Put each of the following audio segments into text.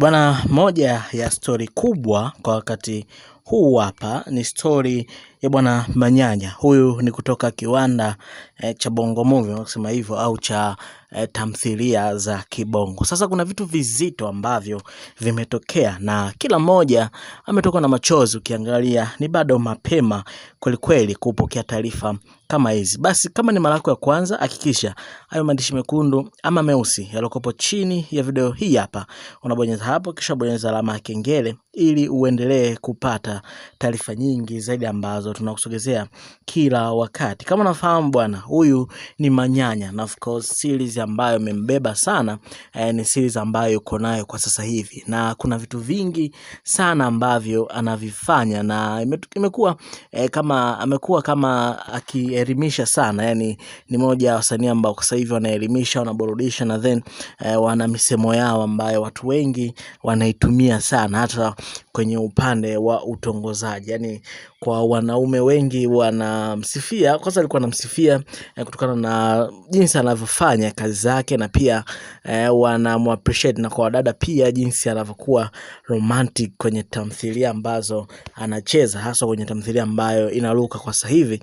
Bwana, moja ya stori kubwa kwa wakati huu hapa ni stori ya bwana Manyanya. Huyu ni kutoka kiwanda e, cha Bongo Movie wanasema hivyo au cha e, tamthilia za Kibongo. Sasa kuna vitu vizito ambavyo vimetokea na kila mmoja ametoka na machozi. Ukiangalia ni bado mapema kwelikweli kupokea taarifa kama hizi. Basi kama ni mara yako ya kwanza, hakikisha hayo maandishi mekundu ama meusi yaliokopo chini ya video hii hapa unabonyeza hapo, kisha bonyeza alama ya kengele ili uendelee kupata taarifa nyingi zaidi ambazo tunakusogezea kila wakati. Kama unafahamu bwana, huyu ni Manyanya na of course series ambayo imembeba sana eh, ni series ambayo uko nayo kwa sasa hivi, na kuna vitu vingi sana ambavyo anavifanya na imekuwa eh, kama amekuwa kama aki eh, anaelimisha sana, yani ni moja ya wasanii ambao kwa sasa hivi wanaelimisha, wanaburudisha na then eh, wana misemo yao ambayo watu wengi wanaitumia sana hata kwenye upande wa utongozaji yani kwa wanaume wengi wanamsifia. Kwanza alikuwa anamsifia eh, kutokana na jinsi anavyofanya kazi zake, na pia eh, wanamappreciate na kwa wadada pia jinsi anavyokuwa romantic kwenye tamthilia ambazo anacheza, hasa kwenye tamthilia ambayo inaruka kwa sasa hivi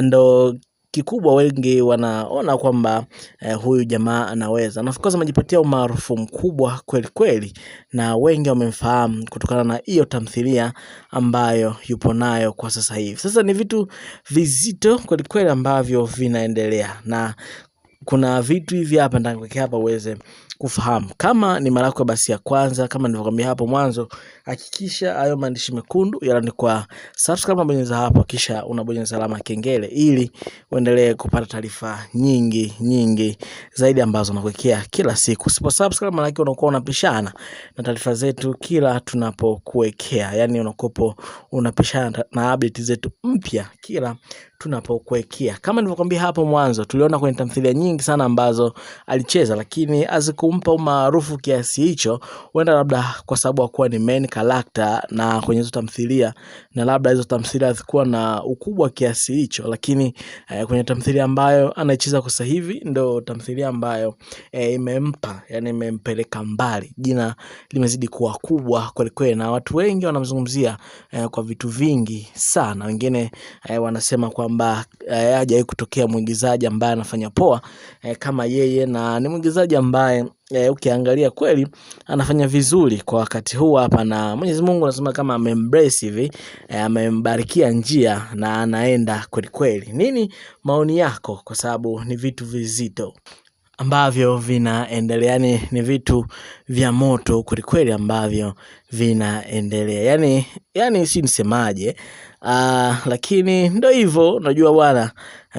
ndo uh, kikubwa wengi wanaona kwamba eh, huyu jamaa anaweza, na of amejipatia umaarufu mkubwa kweli kweli, na wengi wamemfahamu kutokana na hiyo tamthilia ambayo yupo nayo kwa sasa hivi. Sasa ni vitu vizito kweli kweli ambavyo vinaendelea na kuna vitu hivi hapa ndani hapa uweze kufahamu. Kama ni mara yako basi ya kwanza, kama nilivyokuambia hapo mwanzo, hakikisha hayo maandishi mekundu yanaandikwa subscribe, unabonyeza hapo, kisha unabonyeza alama kengele ili uendelee kupata taarifa nyingi nyingi zaidi ambazo nakuwekea kila siku. Sipo subscribe, maana yake unakuwa unapishana na taarifa zetu kila tunapokuwekea, yani unakopo unapishana na update zetu mpya kila tunapokuwekea. Kama nilivyokuambia hapo mwanzo, tuliona kwenye tamthilia nyingi sana ambazo alicheza, lakini aziku kumpa umaarufu kiasi hicho, huenda labda kwa sababu akuwa ni main character na kwenye hizo tamthilia, na labda hizo tamthilia hazikuwa na ukubwa kiasi hicho, lakini eh, kwenye tamthilia ambayo anaicheza kwa sasa hivi ndo tamthilia ambayo eh, imempa yani, imempeleka mbali, jina limezidi kuwa kubwa kweli, na watu wengi wanamzungumzia eh, kwa vitu vingi sana. Wengine eh, wanasema kwamba eh, hajawahi kutokea mwigizaji ambaye anafanya poa eh, kama yeye, na ni mwigizaji ambaye E, ukiangalia kweli anafanya vizuri kwa wakati huu hapa, na Mwenyezi Mungu anasema kama amembrace hivi e, amembarikia njia na anaenda kweli kweli. Nini maoni yako? Kwa sababu ni vitu vizito ambavyo vinaendelea, yani ni vitu vya moto kwelikweli ambavyo vinaendelea, yani yani si nisemaje. Uh, lakini ndo hivyo, najua bwana,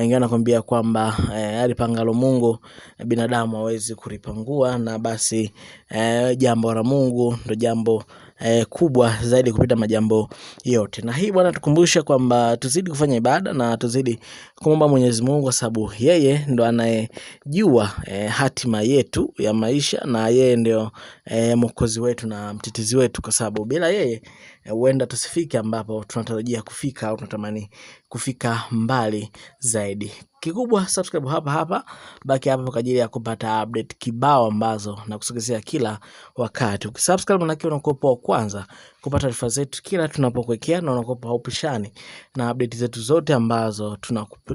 ingawa nakwambia kwamba eh, alipangalo Mungu eh, binadamu hawezi kulipangua, na basi eh, jambo la Mungu ndo jambo eh, kubwa zaidi kupita majambo yote. Na hii bwana, tukumbushe kwamba tuzidi kufanya ibada na tuzidi kumwomba Mwenyezi Mungu, kwa sababu yeye ndo anayejua eh, hatima yetu ya maisha na yeye ndio eh, mwokozi wetu na mtetezi wetu, kwa sababu bila yeye eh, huenda tusifike ambapo tunatarajia kufika au tunatamani kufika mbali zaidi kikubwa subscribe hapa hapa, baki hapa kwa ajili ya kupata update kibao ambazo na kila wakati. Ukisubscribe na kiwa unakuwa wa kwanza kupata taarifa zetu kila tunapokuwekea, na unakuwa haupishani na update zetu zote ambazo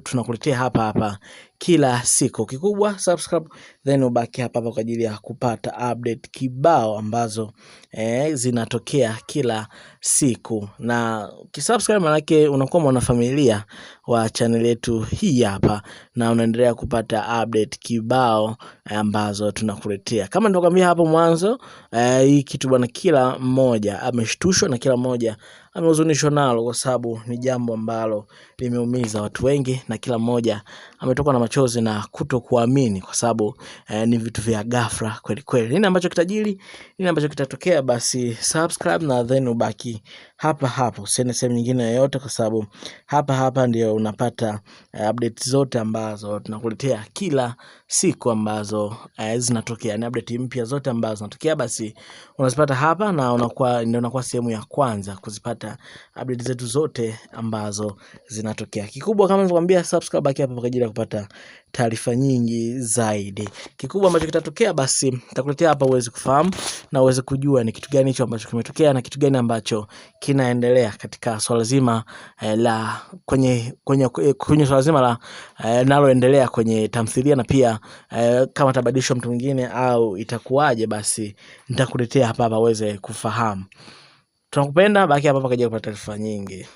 tunakuletea hapa hapa kila siku. Kikubwa subscribe, then ubaki hapa hapa kwa ajili ya kupata update kibao ambazo eh, zinatokea kila siku, na kisubscribe manake unakuwa mwanafamilia wa channel yetu hii hapa, na unaendelea kupata update kibao eh, ambazo tunakuletea. Kama nilivyokuambia hapo mwanzo, eh, hii kitu bwana, kila mmoja ameshtushwa na kila mmoja amehuzunishwa nalo, kwa sababu ni jambo ambalo limeumiza watu wengi, na kila mmoja ametoka na machozi na kuamini, kwa sababu eh, ni vitu vya ghafla kweli kweli. Nini ambacho kitajiri, nini ambacho kitatokea? Basi subscribe na then ubaki hapa hapa, usiende sehemu nyingine yoyote, kwa sababu hapa hapa ndio unapata eh, update zote ambazo tunakuletea kila siku ambazo eh, zinatokea ni update mpya zote ambazo zinatokea, basi unazipata hapa na unakuwa ndio unakuwa sehemu ya kwanza kuzipata update zetu zote ambazo zinatokea. Kikubwa kama nilivyokuambia, subscribe hapa kwa ajili ya kupata taarifa nyingi zaidi. Kikubwa ambacho kitatokea, basi nitakuletea hapa uweze kufahamu na uweze kujua ni kitu gani hicho ambacho kimetokea na kitu gani ambacho kinaendelea katika swala zima eh, la kwenye kwenye kwenye swala zima la eh, naloendelea kwenye tamthilia na pia eh, kama tabadilisho mtu mwingine au itakuwaje, basi nitakuletea hapa hapa uweze kufahamu. Tunakupenda, baki hapa hapa kaja kupata taarifa nyingi.